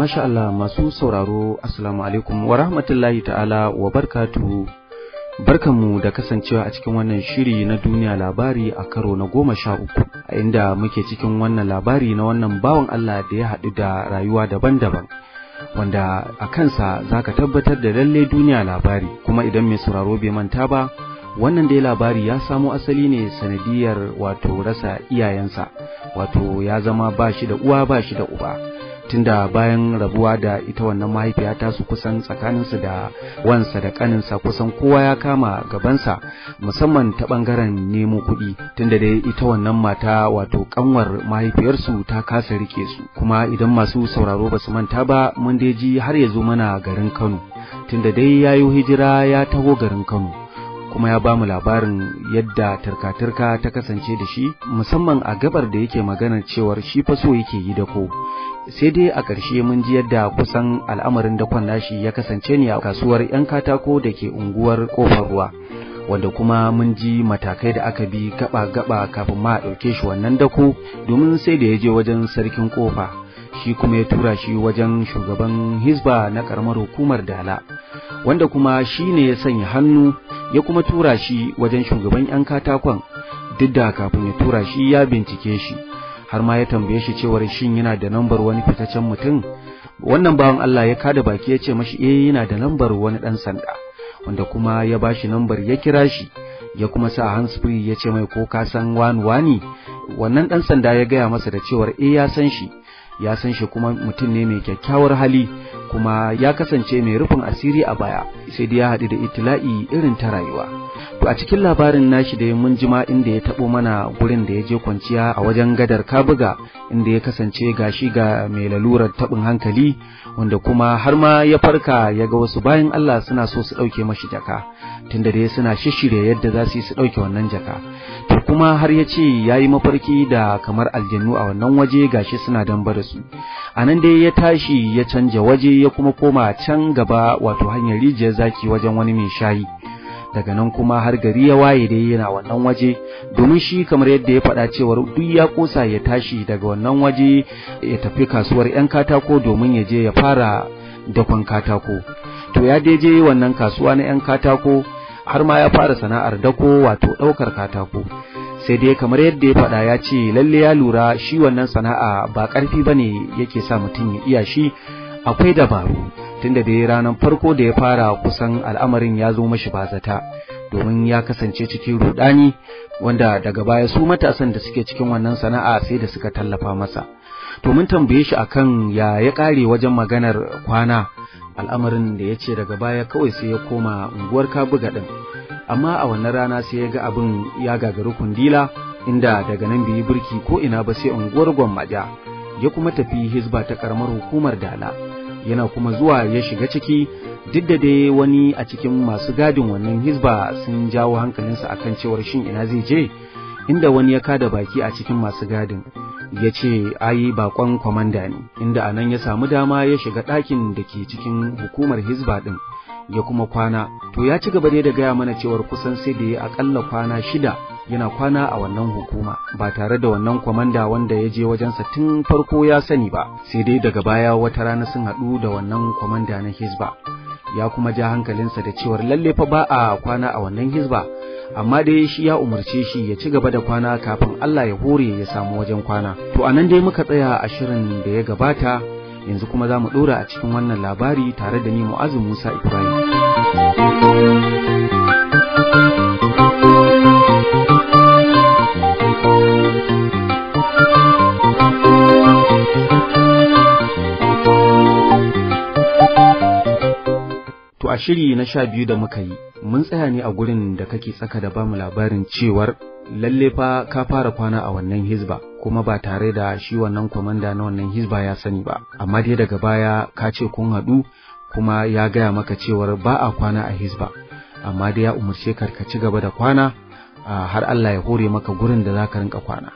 masha Allah masu sauraro assalamu alaikum wa rahmatullahi ta'ala wa barkatu barkanmu da kasancewa a cikin wannan shiri na duniya labari a karo na goma sha uku a inda muke cikin wannan labari na wannan bawan Allah da ya haɗu da rayuwa daban-daban wanda a kansa za ka tabbatar da lalle duniya labari kuma idan mai sauraro bai manta ba wannan dai labari ya samo asali ne sanadiyar wato rasa iyayensa wato ya zama ba shi da uwa ba shi da uba tunda bayan rabuwa da ita wannan mahaifiya ta su kusan tsakaninsu da wansa da kaninsa kusan kowa ya kama gabansa musamman ta bangaren nemo kuɗi tunda dai ita wannan mata wato kanwar mahaifiyarsu ta kasa rike su kuma idan masu sauraro ba su manta ba mun dai ji har ya zo mana garin Kano tunda dai yi hijira ya taho garin Kano kuma ya ba mu labarin yadda turka ta kasance da shi musamman a gabar da yake maganar cewar shi fa so yake yi da dako sai dai a ƙarshe mun ji yadda kusan al'amarin dakon nashi ya kasance ne a kasuwar 'yan katako da ke unguwar kofar ruwa wanda kuma mun ji matakai da aka bi gaba-gaba kafin ma a ɗauke shi wannan dako domin sai da ya je wajen sarkin ƙofa, shi kuma ya tura shi wajen shugaban hisba na ƙaramar hukumar dala wanda kuma shi ne ya sanya hannu ya kuma tura shi wajen shugaban 'yan katakon duk da kafin ya tura shi ya bincike shi har ma ya tambaye shi cewar shin yana da lambar wani fitaccen mutum wannan bawan Allah ya kada baki ya ce mashi eh yana da lambar wani ɗan sanda wanda kuma ya ba shi lambar ya kira shi ya kuma sa handsfree ya ce mai ko ka san wani wani wannan ɗan sanda ya gaya masa da cewar eh ya san shi ya san shi kuma mutum ne mai kyakkyawar hali kuma ya kasance mai rufin asiri a baya sai dai ya haɗu da itila'i irin ta rayuwa to a cikin labarin nashi da mun jima inda ya taɓo mana gurin da ya je kwanciya a wajen gadar kabuga inda ya kasance gashi ga mai lalurar taɓin hankali wanda kuma har ma ya farka ya ga wasu bayan Allah suna so su ɗauke mashi jaka tunda dai suna shishire yadda za su yi su ɗauke wannan jaka to kuma har ya ce ya yi mafarki da kamar aljannu a wannan waje gashi suna dambar da a nan dai ya tashi ya canja waje ya kuma koma can gaba wato hanyar rijiyar zaki wajen wani mai shayi daga nan kuma har gari ya waye dai yana wannan waje domin shi kamar yadda ya faɗa cewar duk ya kosa ya tashi daga wannan waje ya tafi kasuwar 'yan katako domin ya je ya fara dakon katako to ya dai je wannan kasuwa na 'yan katako har ma ya fara sana'ar dako wato ɗaukar katako sai dai kamar yadda ya faɗa ya ce lalle ya lura shi wannan sana'a ba ƙarfi ba ne yake sa mutum ya iya shi akwai dabaru tunda da ranar farko da ya fara kusan al'amarin ya zo mashi ba zata domin ya kasance cikin rudani wanda daga baya su matasan da suke cikin wannan sana'a sai da suka tallafa masa to mun tambaye shi akan ya ya kare wajen maganar kwana al'amarin da ya ce daga baya kawai sai ya koma unguwar kabuga din amma a wannan rana sai ya ga abin ya gagari kundila inda daga nan bai yi birki ko ina ba sai unguwar maja ya kuma tafi hizba ta karamar hukumar dala yana kuma zuwa ya shiga ciki duk da dai wani a cikin masu gadin wannan hizba sun jawo hankalinsa kan cewar shin ina zai je inda wani ya kada baki a cikin masu gadin ya ce ayi bakon kwamanda ne inda anan ya samu dama ya shiga ɗakin da ke cikin hukumar hizba ɗin ya kuma kwana to ya ci gaba ne da gaya mana cewar kusan sai da ya akalla kwana shida yana kwana a wannan hukuma ba tare da wannan kwamanda wanda ya je wajensa tun farko ya sani ba sai dai daga baya wata rana sun haɗu da wannan kwamanda na hizba ya kuma ja hankalinsa da cewar lalle fa ba a kwana a wannan hizba amma dai shi ya umarce shi ya ci gaba da kwana kafin Allah ya hore ya samu wajen kwana to anan dai muka tsaya a shirin da ya gabata yanzu kuma za mu ɗora a cikin wannan labari tare da ni mu'azu musa ibrahim To a shiri na sha biyu da muka yi mun tsaya ne a gurin da kake tsaka da bamu labarin cewar lalle fa ka fara kwana a wannan hizba kuma ba tare da shi wannan kwamanda na wannan hizba ya sani ba amma dai daga baya ka ce kun haɗu kuma ya gaya maka cewar ba a kwana a hizba amma dai ya umarce ka ka ci gaba da kwana har Allah ya hore maka gurin da za ka rinka kwana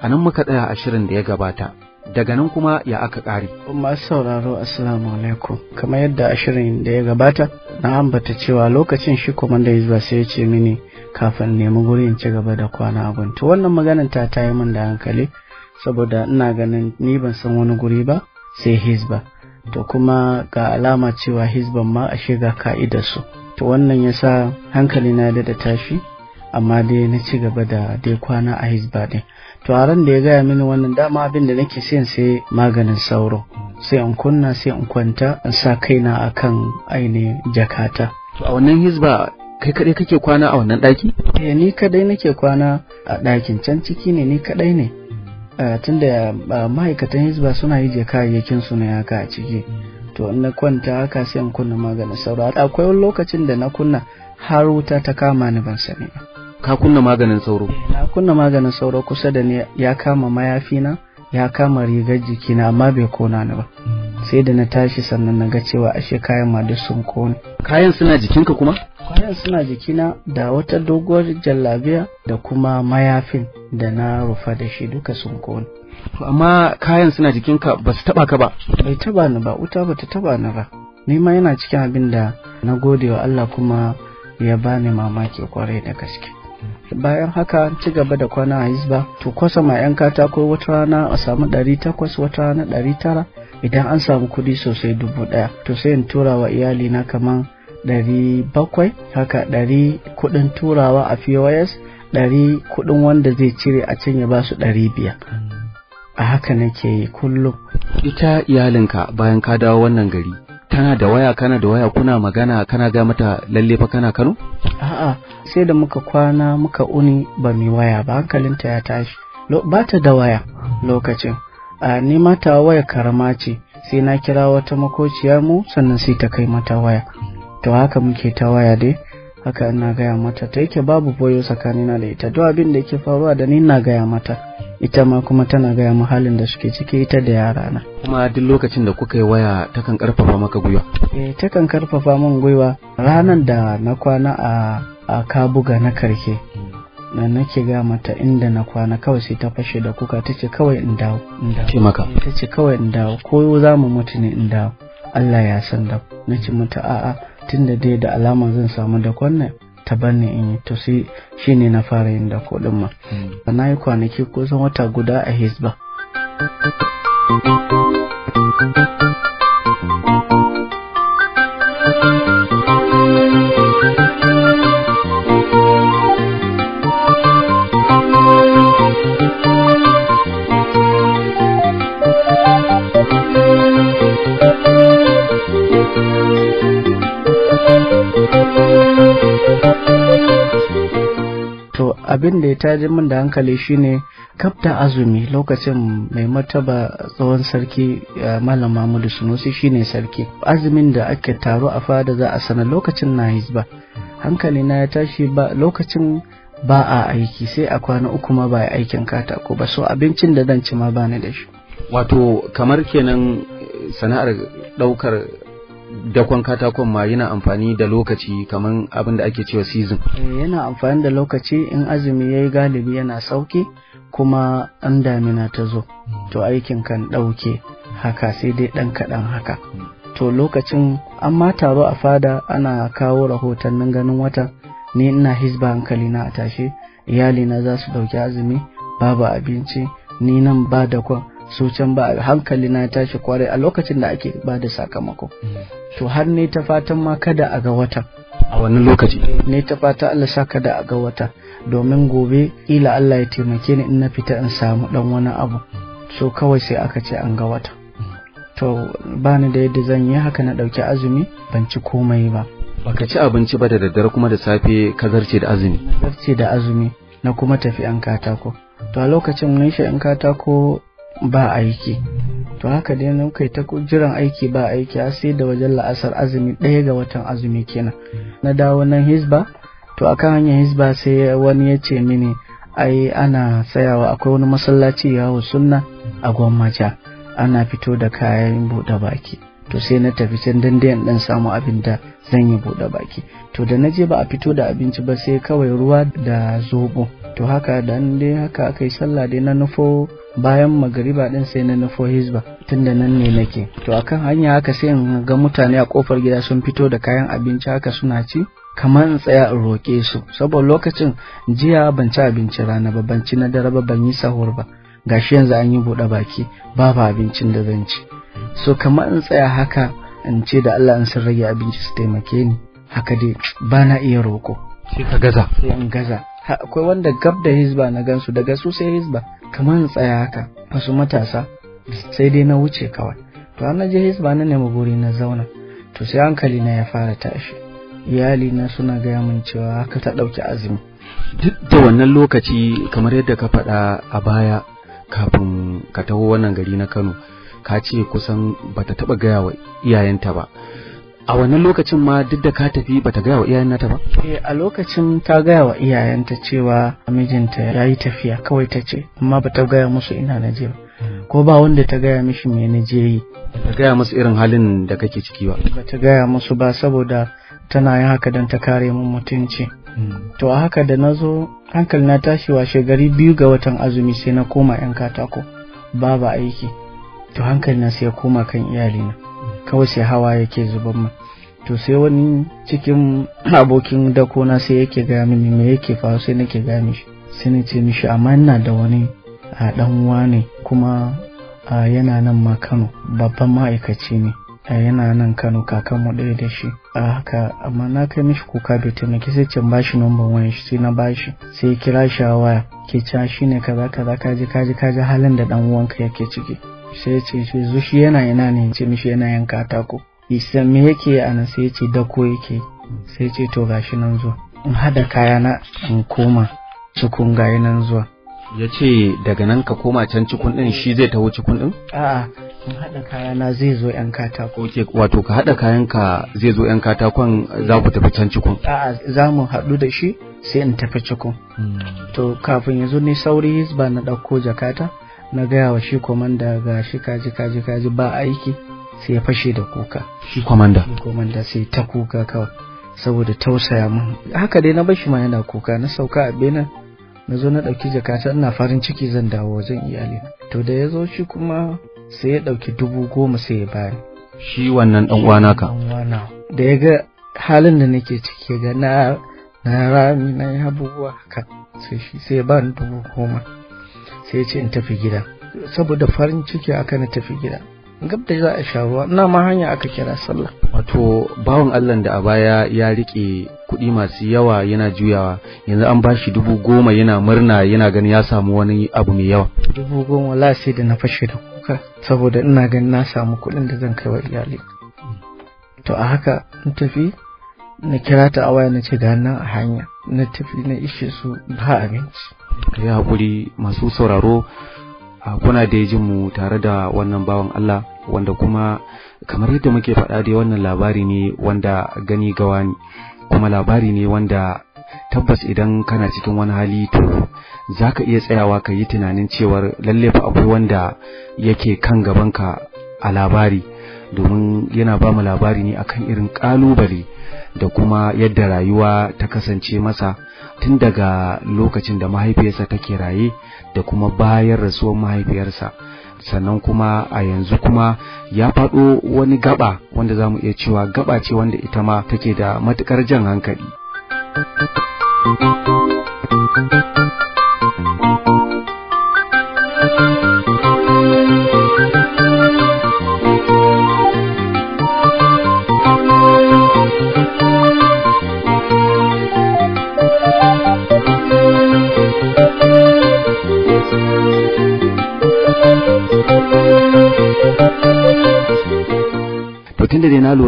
a nan muka tsaya a shirin da ya gabata daga nan kuma ya aka ƙare. masu sauraro assalamu alaikum kamar yadda a shirin da ya gabata na ambata cewa lokacin shi kwamanda hizba sai ya ce mini kafin nemi in ci gaba da kwana a to wannan maganan ta tayi min da hankali saboda ina ganin ni ban san wani guri ba sai hizba to kuma ga alama cewa hizban ma ashe ga ka'idar su to wannan yasa hankali na da tashi amma dai na ci gaba da dai kwana a hizba din to a ran da ya gaya mini wannan dama abin da nake siyan sai maganin sauro sai in kunna sai in kwanta in sa kaina akan ainihin jakata a wannan hizba kai kaɗai kake kwana a wannan daki? Eh ni kadai nake kwana a ɗakin can ciki ne ni kadai ne. Eh, tunda ma'aikatan hizba suna yi je kayayyakin su na haka a ciki. To in na kwanta haka sai in kunna maganin sauro. Akwai wani lokacin da na kunna har wuta ta kama ni ban sani ba. Ka kunna maganin sauro? Eh, na kunna maganin sauro kusa da ni ya kama mayafina ya kama rigar jikina amma bai kona ni ba. Sai da na tashi sannan na ga cewa ashe kayan ma duk sun kone. Kayan suna jikinka kuma? kayan suna jikina da wata doguwar jallabiya da kuma mayafin da na rufa da shi duka sun kone amma kayan suna jikinka ba su taba ka ba bai taba ni ba wuta ba ta taba ni ba ni ma yana cikin abin da na gode wa Allah kuma ya bani mamaki kwarai da gaske bayan haka ci gaba da kwana a hizba to kwasa ma yan katako wata rana a samu ɗari takwas wata rana ɗari tara idan an samu kuɗi sosai dubu ɗaya to sai in tura wa iyali na kaman ɗari bakwai haka ɗari kuɗin turawa a pos ɗari kuɗin wanda zai cire a can ya ba su ɗari biyar a haka nake yi kullum ita iyalinka bayan ka dawo wannan gari tana da waya kana da waya kuna magana kana ga mata lalle fa kana kano a'a sai da muka kwana muka uni ba mai waya ba hankalinta ya tashi ba ta da waya lokacin a ni mata waya karama ce sai na kira wata makociya mu sannan sai ta kai mata waya to haka muke ta waya dai haka ina gaya mata ta yake babu boyo tsakanina da ita duk abin da yake faruwa da ni na gaya mata ita ma kuma tana gaya mu halin da suke ciki ita da yara na kuma duk lokacin da kuka yi waya takan karfafa maka gwiwa eh takan karfafa min gwiwa ranan da na kwana a a kabuga na karke na nake ga mata inda na kwana kawai sai ta fashe da kuka tace kawai in dawo in dawo ce maka tace kawai in dawo ko za mu mutu ne in dawo Allah ya san da nace mata a'a da dai da alama zan samu da kwanne ta banne in yi to sai ne na fara yin da din ma hmm. na yi kwanaki kusan wata guda a hisba hmm. abin da ya taji min da hankali shine kafta azumi lokacin mai mataba tsohon sarki eh, malam mahmudu sunusi shine sarki azumin da ake taro a fada za a sanar lokacin na hizba hankali na ya tashi ba lokacin ba a aiki sai a kwana uku ma ba aikin katako ba so abincin da zan ci ma bani da shi wato kamar kenan eh, sana'ar daukar dakon katakon ma yana amfani da lokaci kamar abin da ake cewa season eh, yana amfani da lokaci in azumi ya yi galibi yana sauki kuma an damina ta zo hmm. to aikin kan ɗauke haka sai dai ɗan kaɗan haka hmm. to lokacin an ma taro a fada ana kawo rahotannin ganin wata ni ina hisba hankali na a tashe iyalina za su ɗauki azumi babu abinci ni nan ba da kwan su can ba hankali na tashi kwarai a lokacin da ake ba da sakamako hmm. to har ne ta fatan ma kada a ga wata. a wannan lokaci ne ta fata Allah sa kada a ga wata domin gobe ila Allah ya taimake ni in na fita in samu dan wani abu so kawai sai aka ce an ga wata to ba ni da yadda zan yi haka na dauki azumi ban ci komai ba baka ci abinci ba da daddare kuma da safe ka zarce da azumi zarce da azumi na kuma tafi an katako to a lokacin mun shi an katako ba aiki to haka dai nan kai ta jiran aiki ba aiki a sai da wajen la'asar azumi ɗaya ga watan azumi kenan hmm. na dawo nan hisba to akan hanyar hisba sai wani ya ce mini ai ana tsayawa akwai wani masallaci yawo sunna a gwammaja ana fito da kayan buɗe baki to sai na tafi can dandayan dan samu abin da zan yi buɗe baki to da na je ba a fito da abinci ba sai kawai ruwa da zobo to haka dan dai haka aka yi sallah dai na nufo bayan magariba din sai na nufo hizba tunda nan ne nake to a kan hanya haka sai in ga mutane a kofar gida sun fito da kayan abinci haka suna ci kamar in tsaya in roƙe su saboda lokacin jiya ban ci abinci rana ba ban ci na dare ba ban yi sahur ba gashi yanzu an yi buɗe baki babu abincin da zan ci so kamar in tsaya haka in ce da Allah in sun rage abinci su taimake ni haka dai ba na iya roƙo sai ka gaza sai in gaza akwai wanda gab da hizba na gansu daga su sai hizba kamar tsaya haka wasu matasa sai dai na wuce kawai to an je hizba na nemi guri na zauna to sai hankali na ya fara tashi iyali na suna gaya min cewa haka ta ɗauki azumi duk da wannan lokaci kamar yadda ka faɗa a baya kafin ka taho wannan gari na kano ka ce kusan bata taɓa gaya wa iyayenta ba a wannan lokacin ma duk da ka tafi ba ta gaya wa iyayen nata ba eh a lokacin ta gaya wa iyayenta cewa mijinta ya yi tafiya kawai ta ce amma ba ta gaya musu ina na je hmm. ko ba wanda ta gaya mishi me na je yi ta gaya musu irin halin da kake ciki ba Ba ta gaya musu ba saboda tana yin haka don ta kare mun mutunci hmm. to a haka da na zo hankali na tashi wa gari biyu ga watan azumi sai na koma yan katako babu aiki to hankali na sai ya koma kan iyalina kawai sai hawa yake zuban min to sai wani cikin abokin dakona sai yake ga mini me yake faru sai nake ga mishi sai na ce mishi amma ina da wani a dan ne kuma yana nan ma Kano babban ma'aikaci ne a yana nan Kano kakan mu ɗaya da shi a haka amma na kai mishi kuka bai taimaki sai can bashi numban wayan shi sai na bashi sai kira shi a waya ke ca shi ne kaza kaza kaji kaji kaji halin da dan uwanka yake ciki sai ya ce shi zushi yana ina ne ce mishi yana ta katako isa me yake a nan sai ya ce dako yake sai ce to gashi nan zuwa in hada kaya na in koma cikun gayi nan zuwa ya ce daga nan ka koma can cikun din shi zai taho cikun din a'a in hada kaya na zai zo yan katako ke wato ka hada kayan ka zai zo yan katakon za ku tafi can cikun a'a za mu hadu da shi sai in tafi cikun hmm. to kafin ya zo ne sauri ba na dauko jakata na gaya wa shi komanda ga shi kaji kaji kaji ba aiki sai ya fashe da kuka shi komanda shi komanda sai ta kuka kawai saboda tausaya mun haka dai na shi ma yana kuka na sauka a benin na zo na ɗauki jakata ina farin ciki zan dawo wajen iyali to da ya zo shi kuma sai ya ɗauki dubu goma sai ya bani shi wannan ɗan uwana ka da ya ga halin da nake ciki ga na na rami na yi abubuwa haka sai shi sai ya bani dubu goma sai ce in tafi gida saboda farin ciki aka na tafi gida gab da za a sha ruwa ina ma hanya aka kira sallah wato bawan Allah da a baya ya rike kuɗi masu yawa yana juyawa yanzu an bashi dubu goma yana murna yana ganin ya samu wani abu mai yawa dubu goma la sai da na fashe da kuka saboda ina ganin na samu kuɗin da zan kai wa iyali to a haka in tafi na kira ta a waya na ce ga nan a hanya na tafi na ishe su ba abinci ka yi haƙuri masu sauraro kuna da ji mu tare da wannan bawan Allah wanda kuma kamar yadda muke faɗa dai wannan labari ne wanda gani gawa ne kuma labari ne wanda tabbas idan kana cikin wani hali to za ka iya tsayawa ka yi tunanin cewar lallefa akwai wanda yake kan gabanka a labari domin yana ba mu labari ne akan irin kalubale da kuma yadda rayuwa ta kasance masa tun daga lokacin da mahaifiyarsa take raye da kuma bayan rasuwar mahaifiyarsa sannan kuma a yanzu kuma ya faɗo wani gaba wanda za mu iya cewa gaba ce wanda ita ma take da matukar jan hankali.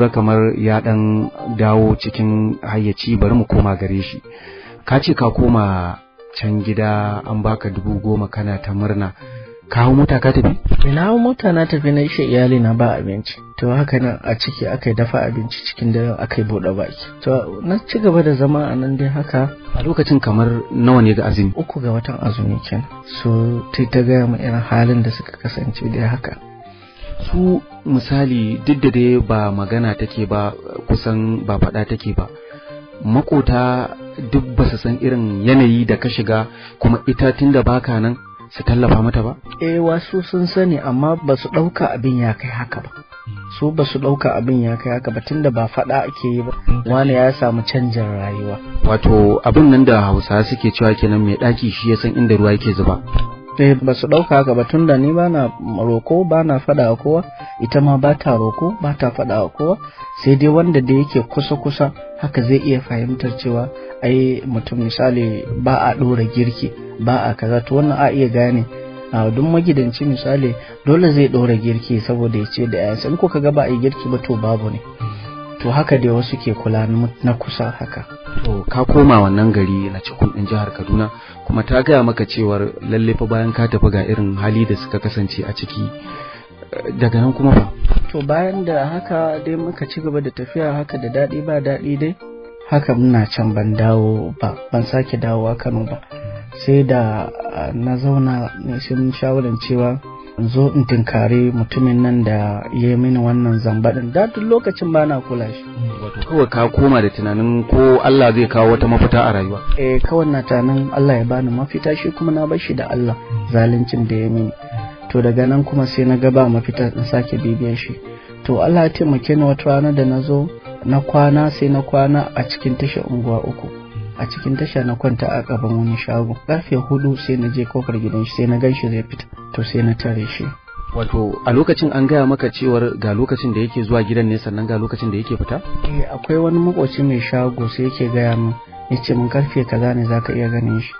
lura kamar ya dan dawo cikin hayyaci bari mu koma gare shi ka ce ka koma can gida an baka dubu goma kana ta murna ka hau mota ka tafi? Na hau mota na tafi na ishe iyali na ba abinci. To haka nan a ciki aka dafa abinci cikin daren aka yi bude baki. To na ci gaba da zama a nan dai haka. A lokacin kamar nawa ne ga azumi? Uku ga watan azumi kenan. So ta gaya mu irin halin da suka kasance dai haka. su misali duk da dai ba magana take ba kusan ba faɗa take ba makota duk ba su san irin yanayi da ka shiga kuma ita tun da baka nan su tallafa mata ba? E, wasu sun sani amma ba su ɗauka abin ya kai haka ba. Su ba su ɗauka abin ya kai haka ba tunda ba faɗa ake yi ba. Wani ya samu canjin rayuwa. Wato abin nan da Hausa suke cewa kenan mai ɗaki shi ya san inda ruwa yake zuba. eh ba su ɗauka haka ba tunda ni ba na roko ba na faɗa wa kowa ita ma ba ta roko ba ta faɗa wa kowa sai dai wanda da yake kusa-kusa haka zai iya fahimtar cewa ai mutum misali ba a ɗora girki ba a kaza to wannan a iya gane a duk magidanci misali dole zai ɗora girki saboda ya ce da yayansa in kuka ga ba a yi girki ba to babu ne to haka dai wasu ke kula na kusa haka to ka koma wannan gari na cikin ɗin jihar kaduna kuma ta gaya maka cewar lalle fa bayan ka tafi ga irin hali da suka kasance a ciki daga nan kuma fa to bayan da haka dai muka ci gaba da tafiya haka da daɗi ba daɗi dai haka muna can ban dawo ba ban sake dawowa kano ba sai da ah, na zauna ne sai mun cewa in zo in tinkari mutumin nan da ya yi mini wannan zambaɗin da duk lokacin ba na kula shi. kawai ka koma da tunanin ko Allah zai kawo wata mafita a rayuwa. Eh kawai na tunanin Allah ya bani mafita shi kuma na bar shi da Allah zaluncin da ya mini. To daga nan kuma sai na gaba mafita in sake bibiyan shi. To Allah ya taimake ni wata rana da na zo na kwana sai na kwana a cikin tashar unguwa uku. a cikin tasha na kwanta a gaban wani shago karfe hudu sai na je kofar gidan shi sai na gan shi zai fita to sai na tare shi wato a lokacin an gaya maka cewar ga lokacin da yake zuwa gidan ne sannan ga lokacin da yake fita eh akwai wani makoci mai shago sai yake gaya min yace mun karfe kaza ne zaka iya ganin shi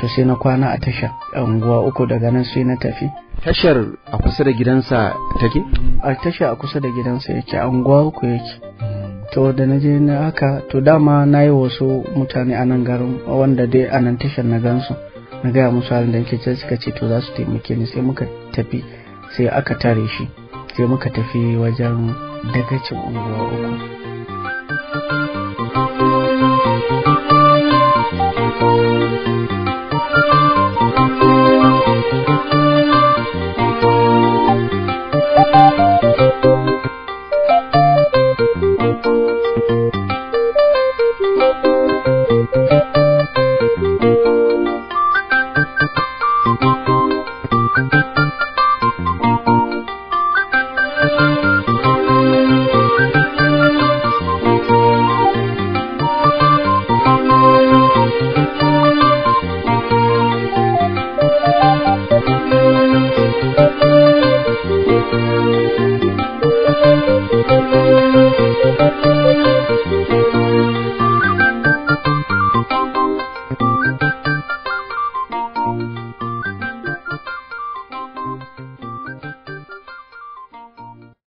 to sai na kwana a tasha unguwa uku daga nan sai na tafi tashar a kusa da gidansa take a tasha a kusa da gidansa yake unguwa uku yake hmm. to da na je na haka to dama na yi wasu mutane a nan garin wanda dai a nan tashar na gansu na gaya musu halin da nake suka ce to za su taimake ni sai muka tafi sai aka tare shi sai muka tafi wajen dagacin unguwa uku パンパンパン。